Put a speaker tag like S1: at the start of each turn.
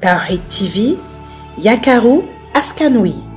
S1: Tawhid TV, Yakaru Askanui.